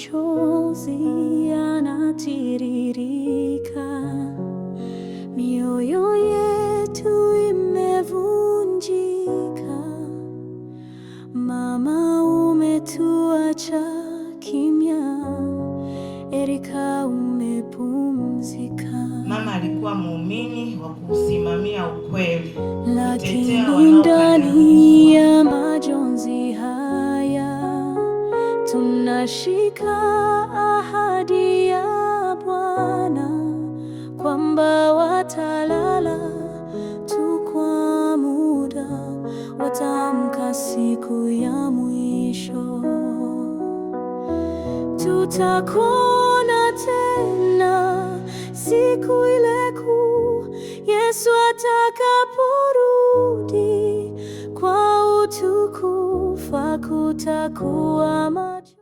machozi yanatiririka, mioyo yetu imevunjika. Mama, umetuacha kimya, Erika umepumzika. Mama alikuwa muumini wa kusimamia ukweli, kutetea tunashika ahadi ya Bwana kwamba watalala tu kwa muda, wataamka siku ya mwisho. Tutakuona tena siku ile kuu, Yesu atakaporudi kwa utukufu kufa kutakuwa macho